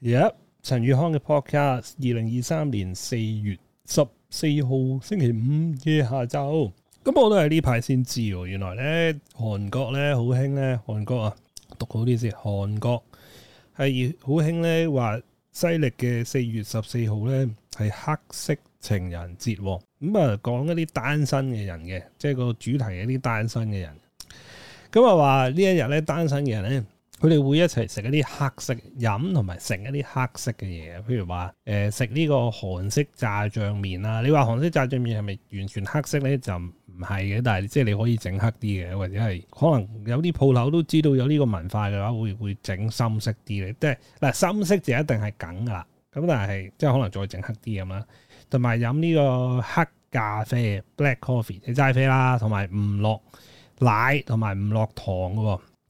而陳宇康嘅 podcast，二零二三年四月十四號星期五嘅下晝，咁、嗯、我都係呢排先知哦。原來咧，韓國咧好興咧，韓國啊，讀好啲先，韓國係好興咧，話西曆嘅四月十四號咧係黑色情人節。哦，咁啊講一啲單身嘅人嘅，即係個主題一啲單身嘅人，咁啊話呢一日咧單身嘅人咧。佢哋會一齊食一啲黑色飲同埋食一啲黑色嘅嘢，譬如話誒食呢個韓式炸醬麵啦。你話韓式炸醬麵係咪完全黑色咧？就唔係嘅，但係即係你可以整黑啲嘅，或者係可能有啲鋪頭都知道有呢個文化嘅話，會會整深色啲咧。即係嗱、啊、深色就一定係梗噶啦，咁但係即係可能再整黑啲咁啦。同埋飲呢個黑咖啡，Black Coffee，你齋啡啦，同埋唔落奶同埋唔落糖嘅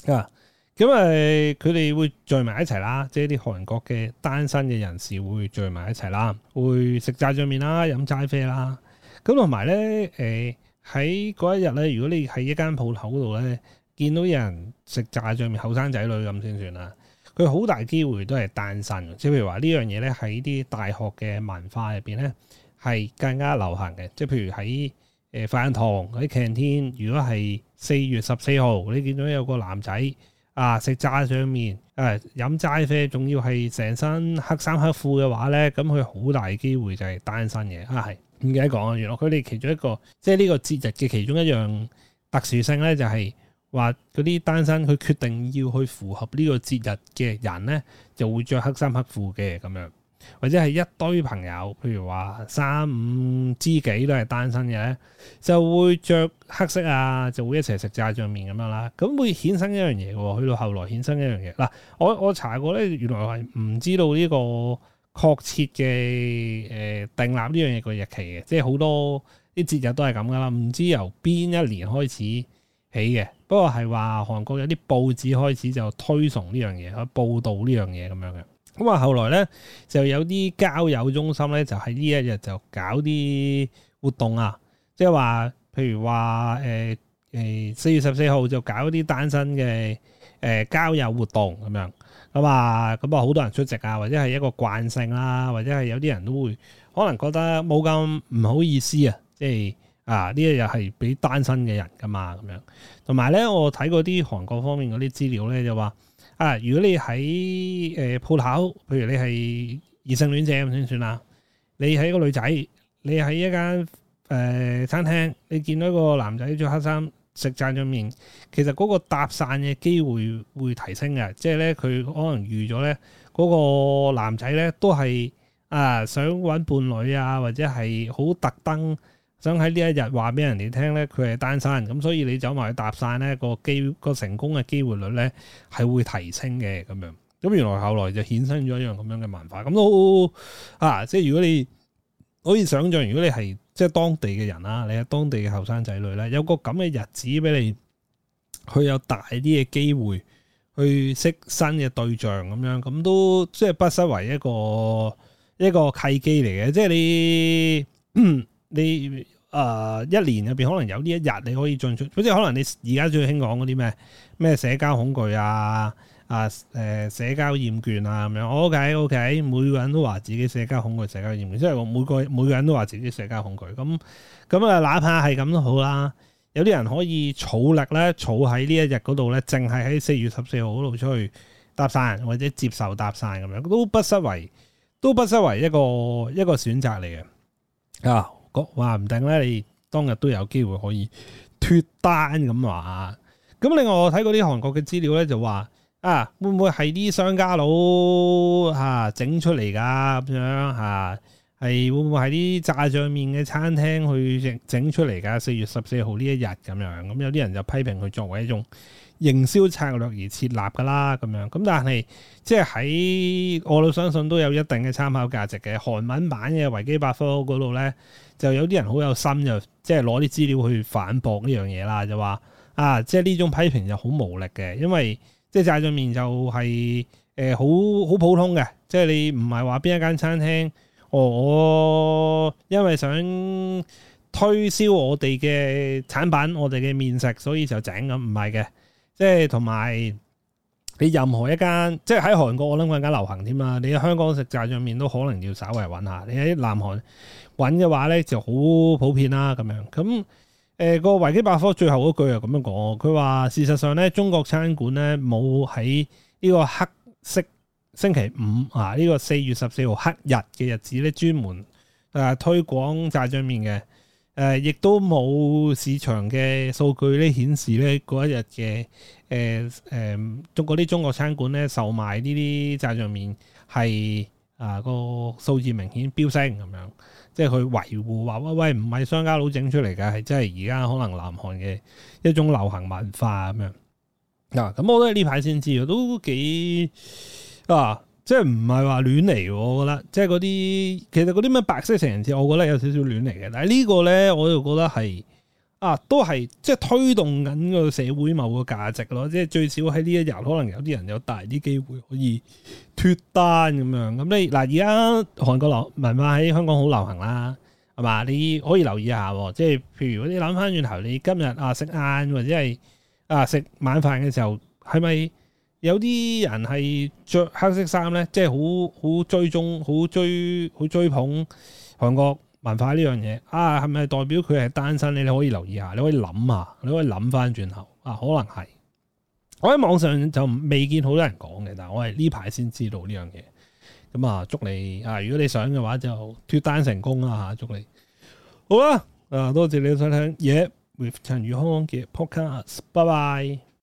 喎。啊咁咪佢哋會聚埋一齊啦，即係啲韓國嘅單身嘅人士會聚埋一齊啦，會食炸醬麵啦，飲齋啡啦。咁同埋咧，誒喺嗰一日咧，如果你喺一間鋪頭度咧，見到有人食炸醬麵，後生仔女咁先算啦。佢好大機會都係單身。即係譬如話呢樣嘢咧，喺啲大學嘅文化入邊咧，係更加流行嘅。即係譬如喺誒飯堂喺 canteen，如果係四月十四號，你見到有個男仔。啊！食炸醬麵，誒、啊、飲齋啡，仲要係成身黑衫黑褲嘅話咧，咁佢好大嘅機會就係單身嘅。啊，係點解講啊？原來佢哋其中一個，即係呢個節日嘅其中一樣特殊性咧、就是，就係話嗰啲單身佢決定要去符合呢個節日嘅人咧，就會着黑衫黑褲嘅咁樣。或者係一堆朋友，譬如話三五知己都係單身嘅，就會着黑色啊，就會一齊食炸醬麵咁樣啦。咁會衍生一樣嘢喎，去到後來衍生一樣嘢。嗱、啊，我我查過咧，原來係唔知道呢個確切嘅誒、呃、訂立呢樣嘢嘅日期嘅，即係好多啲節日都係咁㗎啦，唔知由邊一年開始起嘅。不過係話韓國有啲報紙開始就推崇呢樣嘢，去報道呢樣嘢咁樣嘅。咁啊，後來咧就有啲交友中心咧，就喺呢一日就搞啲活動啊，即係話，譬如話誒誒四月十四號就搞啲單身嘅誒、呃、交友活動咁、啊、樣。咁啊，咁啊，好多人出席啊，或者係一個慣性啦、啊，或者係有啲人都會可能覺得冇咁唔好意思啊，即、就、係、是、啊呢一日係俾單身嘅人㗎嘛咁樣。同埋咧，我睇過啲韓國方面嗰啲資料咧，就話。啊！如果你喺誒鋪頭，譬如你係異性戀者咁先算啦。你係一個女仔，你喺一間誒、呃、餐廳，你見到一個男仔着黑衫食炸醬麵，其實嗰個搭訕嘅機會會提升嘅。即係咧，佢可能預咗咧，嗰、那個男仔咧都係啊想揾伴侶啊，或者係好特登。想喺呢一日話俾人哋聽咧，佢係單身，咁所以你走埋去搭訕咧，嗰個機、嗰個成功嘅機會率咧係會提升嘅咁樣。咁原來後來就衍生咗一樣咁樣嘅文化，咁都啊，即係如果你可以想象如果你係即係當地嘅人啊，你係當地嘅後生仔女咧，有個咁嘅日子俾你，去有大啲嘅機會去識新嘅對象，咁樣咁都即係不失為一個一個契機嚟嘅。即係你，你誒、呃、一年入邊可能有呢一日你可以進出，或者可能你而家最興講嗰啲咩咩社交恐懼啊，啊誒、呃、社交厭倦啊咁樣，OK OK，每個人都話自己社交恐懼、社交厭倦，即係我每個每個人都話自己社交恐懼，咁咁啊，哪怕係咁都好啦。有啲人可以儲力咧，儲喺呢一日嗰度咧，淨係喺四月十四號嗰度出去搭訕，或者接受搭訕咁樣，都不失為都不失為一個一個選擇嚟嘅啊。話唔定咧，你當日都有機會可以脱單咁啊！咁另外我睇過啲韓國嘅資料咧，就話啊，會唔會係啲商家佬吓整、啊、出嚟噶咁樣吓？係、啊啊、會唔會係啲炸醬麵嘅餐廳去整出嚟噶？四月十四號呢一日咁樣，咁、嗯、有啲人就批評佢作為一種營銷策略而設立噶啦咁樣。咁但係即係喺我都相信都有一定嘅參考價值嘅。韓文版嘅維基百科嗰度咧。就有啲人好有心就即係攞啲資料去反駁呢樣嘢啦，就話啊，即係呢種批評就好無力嘅，因為即係炸醬麵就係誒好好普通嘅，即係你唔係話邊一間餐廳哦，我因為想推銷我哋嘅產品，我哋嘅麵食，所以就整咁，唔係嘅，即係同埋。你任何一間，即係喺韓國，我諗更加流行添啊！你喺香港食炸醬麵都可能要稍微揾下，你喺南韓揾嘅話咧就好普遍啦咁樣。咁誒個維基百科最後嗰句又咁樣講，佢話事實上咧，中國餐館咧冇喺呢個黑色星期五啊，呢、呢個四月十四號黑日嘅日子咧，啊、專門誒、呃、推廣炸醬麵嘅，誒、呃、亦都冇市場嘅數據咧顯示咧嗰一日嘅。誒誒，中嗰啲中國餐館咧，售賣呢啲炸醬麵係啊個數字明顯飆升咁樣，即係佢維護話喂，喂，唔係商家佬整出嚟嘅，係真係而家可能南韓嘅一種流行文化咁樣。嗱、啊，咁我都係呢排先知，都幾啊，即係唔係話亂嚟？我覺得即係嗰啲，其實嗰啲咩白色情人節，我覺得有少少亂嚟嘅。但係呢個咧，我就覺得係。啊，都係即係推動緊個社會某個價值咯，即係最少喺呢一日，可能有啲人有大啲機會可以脱單咁樣。咁你嗱，而家韓國流文化喺香港好流行啦，係嘛？你可以留意下，即係譬如你諗翻轉頭，你今日啊食晏或者係啊食晚飯嘅時候，係咪有啲人係着黑色衫咧？即係好好追蹤、好追、好追捧韓國。文化呢樣嘢啊，係咪代表佢係單身咧？你可以留意下，你可以諗下，你可以諗翻轉頭啊，可能係。我喺網上就未見好多人講嘅，但係我係呢排先知道呢樣嘢。咁、嗯、啊，祝你啊，如果你想嘅話就脫單成功啦吓，祝你好啊！啊，多謝你收聽《耶、yeah, With 陳宇康嘅 Podcast》，拜拜。